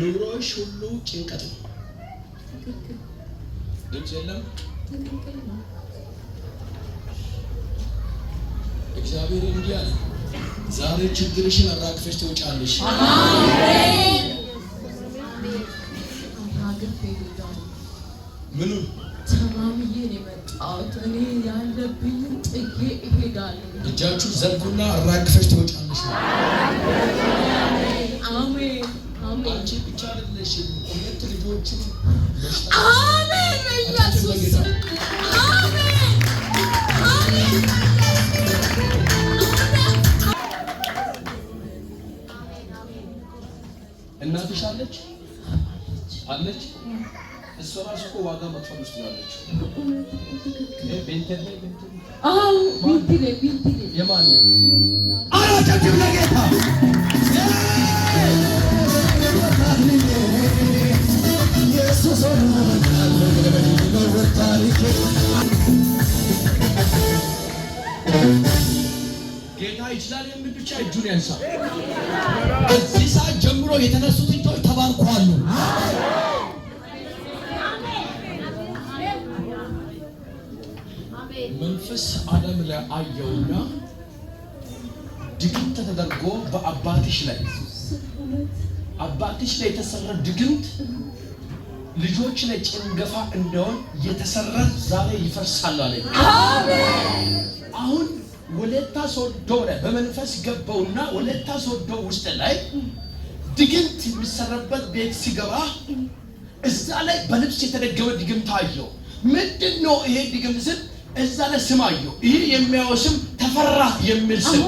ኑሮሽ ሁሉ ጭንቀት ነው። ድምፅ የለም። እግዚአብሔር እንዲህ አለ፣ ዛሬ ችግርሽን አራግፈሽ ትወጫለሽ። ምኑ ተማምዬ ነው የመጣሁት። እኔ ያለብኝን ጥዬ እሄዳለሁ። እጃችሁ ዘርጉና አራግፈሽ ትወጫለሽ። አልሽኝ ሁለት ልጆችን አሜን፣ በኢየሱስ እናትሽ አለች አለች። እሷ ራሱ እኮ ዋጋ መጥፋት ውስጥ ያለች ቤንቴ ቤንቴ የማን አራጃጅም ለጌታ ጌታ ይችላል የሚል ብቻ እጁን ያንሳ። እዚህ ሰዓት ጀምሮ የተነሱት እጆች ተባርከዋል። መንፈስ ዓለም ላይ አየውና ድግምት ተደርጎ በአባትሽ ላይ አባትሽ ላይ የተሰራ ድግምት ልጆች ላይ ጭንገፋ እንደሆን የተሰራ ዛሬ ይፈርሳል አለ። አሁን ወለታ ሶዶ ላይ በመንፈስ ገባውና ወለታ ሶዶ ውስጥ ላይ ድግምት የሚሰራበት ቤት ሲገባ እዛ ላይ በልብስ የተደገመ ድግምት አየው ምንድን ነው ይሄ ድግም ስም? እዛ ላይ ስም አየው። ይህ የሚያወስም ተፈራ የሚል ስም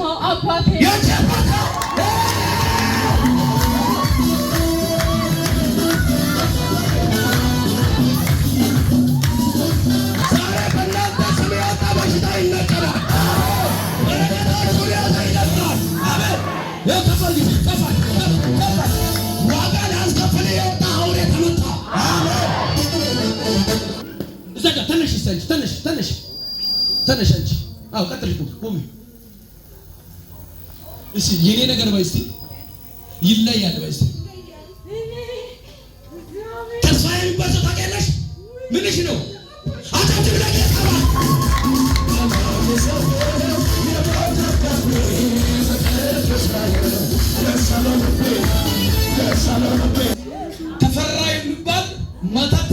ተነሽ አንቺ። አዎ ቀጥል እኮ ቆሜ እስኪ የኔ ነገር ባይ እስኪ ይለያል ባይ እስኪ ተስፋ የሚባል ታውቂያለሽ? ምንሽ ነው ተፈራ የሚባል መጠጥ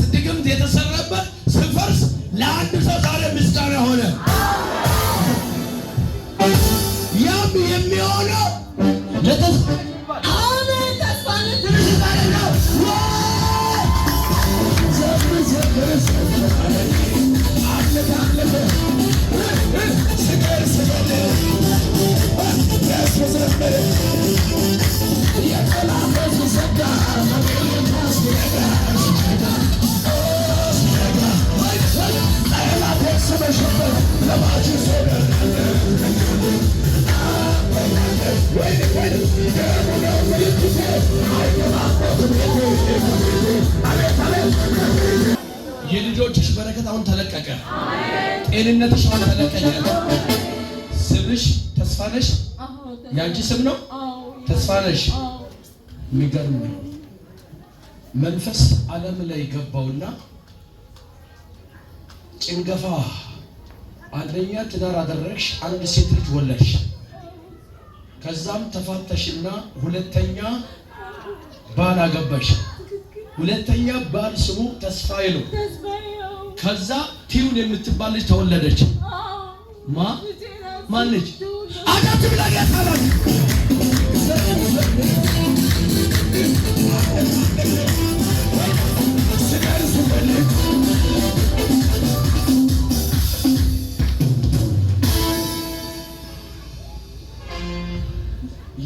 ጤንነትሽ አሁን ተለቀኛል። ስምሽ ተስፋነሽ፣ የአንቺ ስም ነው ተስፋነሽ። የሚገርም ነው። መንፈስ ዓለም ላይ ገባውና ጭንገፋ፣ አንደኛ ትዳር አደረግሽ፣ አንድ ሴት ልጅ ወለሽ። ከዛም ተፋተሽና ሁለተኛ ባል አገባሽ። ሁለተኛ ባል ስሙ ተስፋዬ ነው። ከዛ ቲዩን የምትባል ልጅ ተወለደች። ማ ማለች አዳት ብላ ያታላል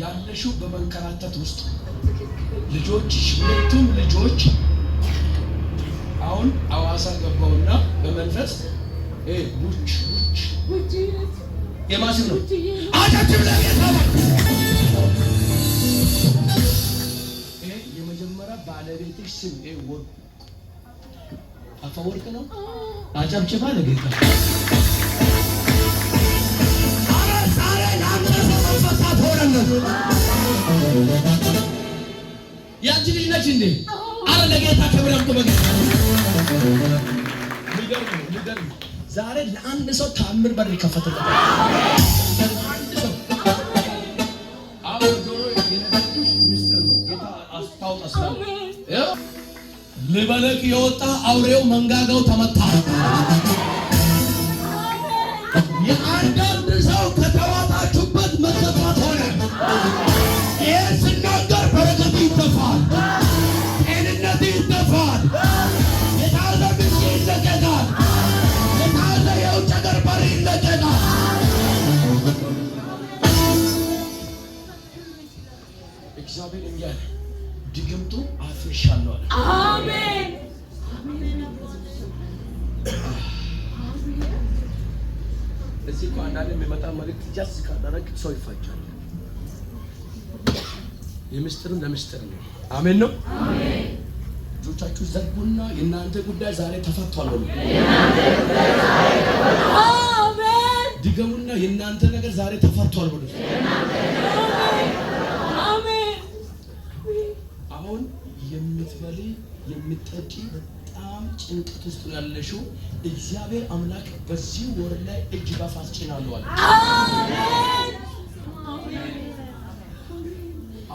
ያለሽው በመንከራተት ውስጥ ልጆችሽ ሁለቱም ልጆች አሁን አዋሳ ገባውና በመንፈስ ቡች ቡች የማስብ ነው። አጨብጭብ ለጌታ። የመጀመሪያ ባለቤትሽ ስም ወርቅ ወርቁ ወርቅ ነው። አጨብጭባ ለጌታ ያንቺ ልጅ ነች እንዴ? አረ ለጌታ ክብር በጌታ ነው፣ ዛሬ ለአንድ ሰው ታምር በር ይከፈትለታል። ለአንድ የወጣ አውሬው መንጋጋው ተመታ። የአንዳንድ ሰው ከተዋጣችሁበት መጠፋት ሆነ። የሚመጣ መልእክት ጃስ ካደረግ ሰው ይፋጃል። የምስጢርም ለምስጢር ነው። አሜን ነው። እጆቻችሁ ዘርጉና የእናንተ ጉዳይ ዛሬ ተፈቷል ድገሙና የእናንተ ነገር ዛሬ ተፈቷል በሉ። አሁን የምትበሊ የምትጠጪ በጣም ጭንቀት ውስጥ ያለሽው እግዚአብሔር አምላክ በዚህ ወር ላይ እጅ በአፍ አስጭናለዋል።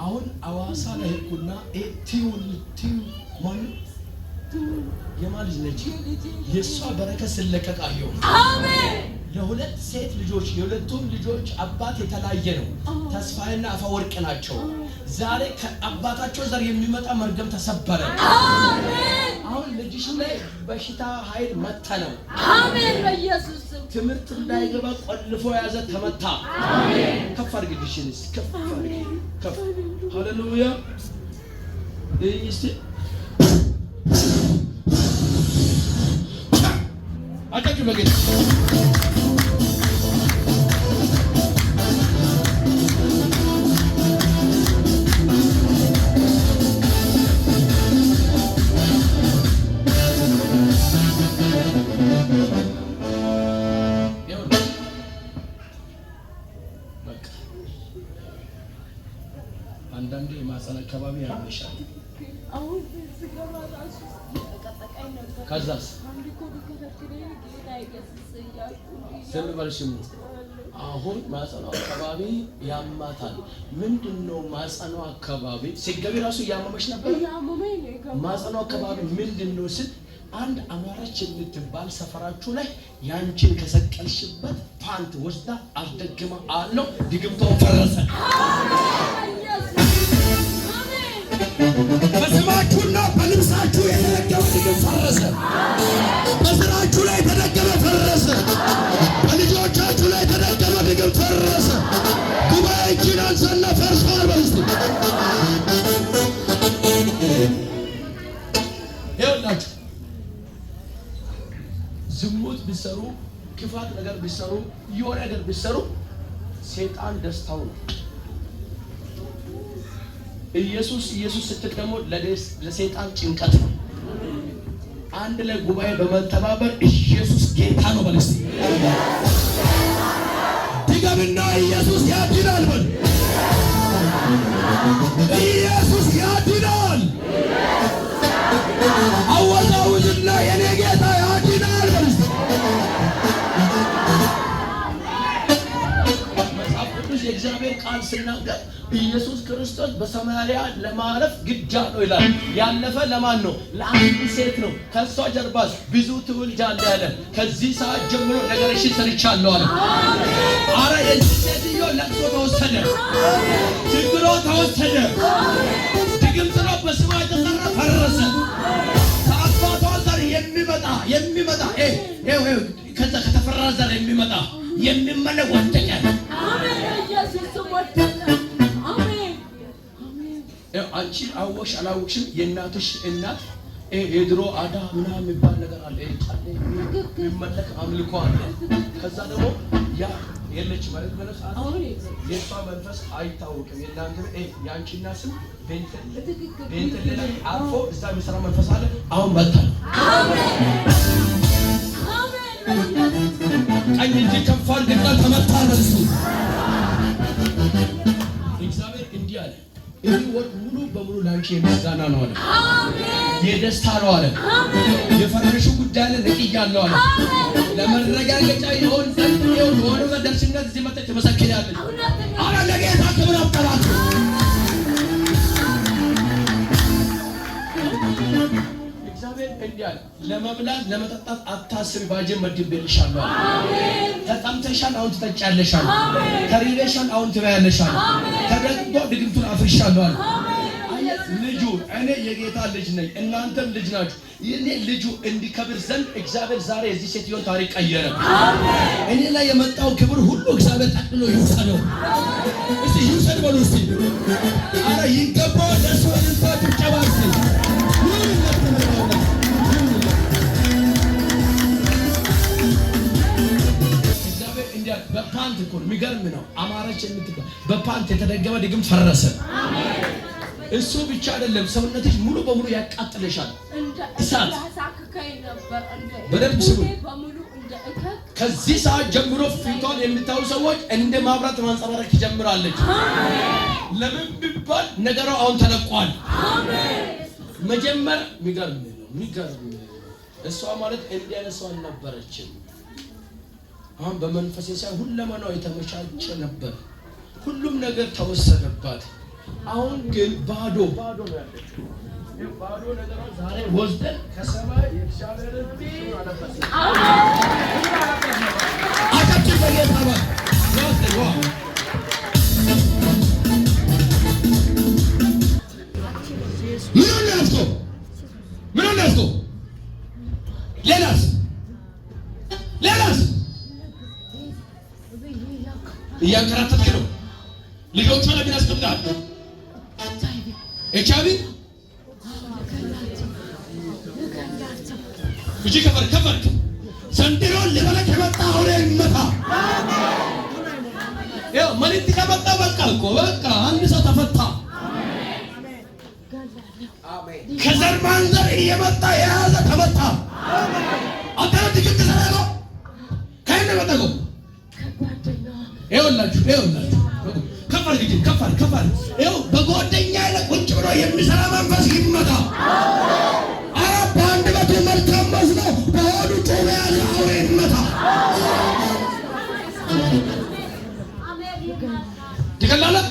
አሁን አዋሳ ላይ ህኩና ቲዩ የማን ልጅ ነች? የእሷ በረከት ስለቀቃ አየሁ። ለሁለት ሴት ልጆች የሁለቱም ልጆች አባት የተለያየ ነው። ተስፋዬና አፈወርቅ ናቸው። ዛሬ ከአባታቸው ዘር የሚመጣ መርገም ተሰበረ። አሁን ልጅሽ ላይ በሽታ ኃይል መታ ነው። አሜን። በኢየሱስ ትምህርት እንዳይገባ ቆልፎ ያዘ፣ ተመታ። አሜን። ከፍ አድርግ ልጅሽን፣ ከፍ አድርግ፣ ከፍ ሃሌሉያ። እስቲ አቀጭ በግድ አንዳንዴ የማህፀን አካባቢ ያመሻል። ከዛስ ዝም በልሽ አሁን ማጸኗ አካባቢ ያማታል። ምንድን ነው ማጸኗ አካባቢ ሲገቢ ራሱ እያመመች ነበር። ማጸኗ አካባቢ ምንድን ነው ስል አንድ አማራች የምትባል ሰፈራችሁ ላይ ያንቺን ከሰቀልሽበት ፓንት ወስዳ አስደግማ አለው። ድግምታው ፈረሰ። በስማችሁና በልብሳችሁ የተደገመ ድግም ፈረሰ። በስራችሁ ላይ ተደ ተነሳና ፈርሷል በልስ ይኸውላችሁ፣ ዝሙት ቢሰሩ ክፋት ነገር ቢሰሩ የሆነ ነገር ቢሰሩ ሴጣን ደስታው ነው። ኢየሱስ ኢየሱስ ስትል ደግሞ ለሴጣን ጭንቀት ነው። አንድ ላይ ጉባኤ በመተባበር ኢየሱስ ጌታ ነው በልስ ድገምና ኢየሱስ ያድናል በል ኢየሱስ ያድናል። አወዛውዝና የኔ ጌታ ያድናል። መጽሐፍ የእግዚአብሔር ቃል ስናገር ኢየሱስ ክርስቶስ በሰማርያ ለማለፍ ግጃ ነው ይላል። ያለፈ ለማን ነው? ለአንድ ሴት ነው። ከእሷ ጀርባስ ብዙ ትውልዳለህ አለ። ከዚህ ሰዓት ጀምሮ ነገርሽን ሰርቻለሁ አለ። አረ የዚህ ሴትዮ ለቅሶ ተወሰደ። ተወሰደ። ድግምት ነው በስሟ የተሰራ ፈረሰ። ከአባቷ ዘር የሚመጣ የሚመጣ ከዛ ከተፈራ ዘር የሚመጣ የሚመለክ ወደቀ። አንቺ አወቅሽ አላወቅሽም የእናትሽ እናት የድሮ አዳ ምናምን የሚባል ነገር አለ። የሚመለክ አምልኮ አለ። ከዛ ደግሞ ያ የለች ማለት በነሰዓት የእሷ መንፈስ አይታወቅም። የእናንተ የአንቺና ስም ቤንተለ አርፎ እዛ የሚሰራ መንፈስ አለ። አሁን መጣ ቀኝ እንጂ ከፋል አድርግና ተመታ ነሱ ይህ ወር ሙሉ በሙሉ ላንቺ የምስጋና ነው አለ። የደስታ ነው አለ። የፈረሹ ጉዳይ ላይ ነቅ ያለው አለ። ለመረጋገጫ የሆን ዘንድ የሆነ በደርሽነት እዚህ መጠች መሰክር ያለች አረ ለጌታ ክብር አጠራት እግዚአብሔር እንዲያል ለመብላት ለመጠጣት አታስቢ። ባጀን መድቤልሻለሁ። ተጠምተሻል፣ አሁን ትጠጫለሻል። አሜን። ተሪበሻል፣ አሁን ትበያለሻል። ተደግጎ ድግምቱን አፍርሻለሁ። አሜን። ልጁ እኔ የጌታ ልጅ ነኝ፣ እናንተም ልጅ ናችሁ። እኔ ልጁ እንዲከብር ዘንድ እግዚአብሔር ዛሬ የዚህ ሴትዮን ታሪክ ቀየረ። እኔ ላይ የመጣው ክብር ሁሉ እግዚአብሔር ጠቅሎ ይውሰደው። እስቲ ይውሰድ በሉ። እስቲ አረ ይገባው። ደስ በልንታ ጭብጨባ እስቲ በፓንት እኮ ነው። የሚገርም ነው። አማረች የምትባል በፓንት የተደገመ ድግም ፈረሰ። እሱ ብቻ አይደለም፣ ሰውነትሽ ሙሉ በሙሉ ያቃጥለሻል። እሳት በደንብ ስሙ። ከዚህ ሰዓት ጀምሮ ፊቷን የምታዩ ሰዎች እንደ ማብራት ማንጸባረቅ ትጀምራለች። ለምን ቢባል ነገሯ አሁን ተለቋል። መጀመር የሚገርም ነው። የሚገርም እሷ ማለት እንዲያነሷ አልነበረችም። አሁን በመንፈሴ ሳይሆን ሁለመናው የተመቻቸ ነበር። ሁሉም ነገር ተወሰደባት። አሁን ግን ባዶ ባዶ ነው ያለችው። ባዶ ነገር ዛሬ ወስደን ከሰማይ የእግዚአብሔርን እያንከራተትክ ነው። ልጆች ላይ ግን አስቀምጣል። ኤች አይ ቪ እጅ ከፈር ከፈር ዘንድሮ ልበለክ የመጣ አሁን ይመታ መልእክት ከመጣ በቃ እኮ በቃ አንድ ሰው ተፈታ። ከዘር ማንዘር እየመጣ የያዘ ተመታ። አታረ ትክክል ሰራ ከእነ መጠቀው ይኸውላችሁ ይኸውላችሁ ከፍ አድርግ እጅ ከፍ ይኸው በጓደኛ ላይ ቁጭ ብሎ የሚሰራ መንፈስ ይመጣ። ኧረ በአንድ በቱ መልካም መስሎ በሆዱ ጩቤ ያለ አውሬ ይመጣ። ትቀላለህ፣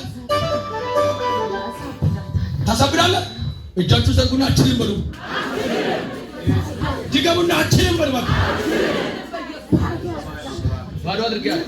ታሳብዳለህ። እጃችሁ ዘርጉና አችልም በሉ ይገቡና አችልም በሉ ባዶ አድርጌያለሁ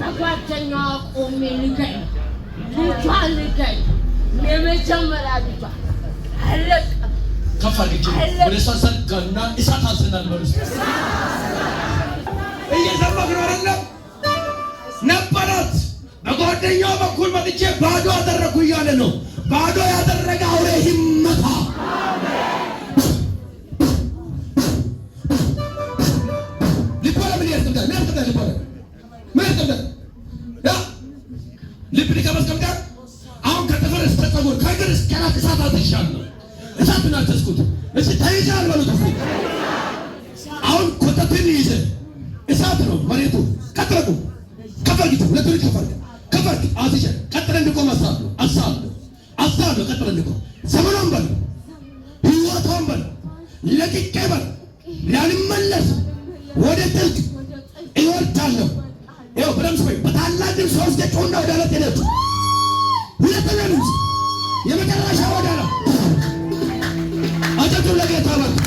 ከጓደኛዋ ቆሜ ልገኝ፣ ልጇ ልገኝ፣ የመጀመሪያ ልጇ አለቀ። ከፍ አድርጌ ወደ እሷ ዘጋና እሳት አዝናል በሉ እየሰማክ ነው አለ ነበራት። በጓደኛው በኩል መጥቼ ባዶ አደረግኩ እያለ ነው። ባዶ ያደረገ አውሬ ይመታ። ልቦ ለምን ያስብዳል? ለቅቄ በር ላልመለስ ወደ ጥልቅ እወርዳለሁ። ይኸው ብረምስ ወይ በታላቅ ድምፅ ሶስት ጨጮና ወደ አለት ሄደች። ሁለተኛ ድምፅ የመጨረሻ ወደ አለት አጨቱ ለጌታ በር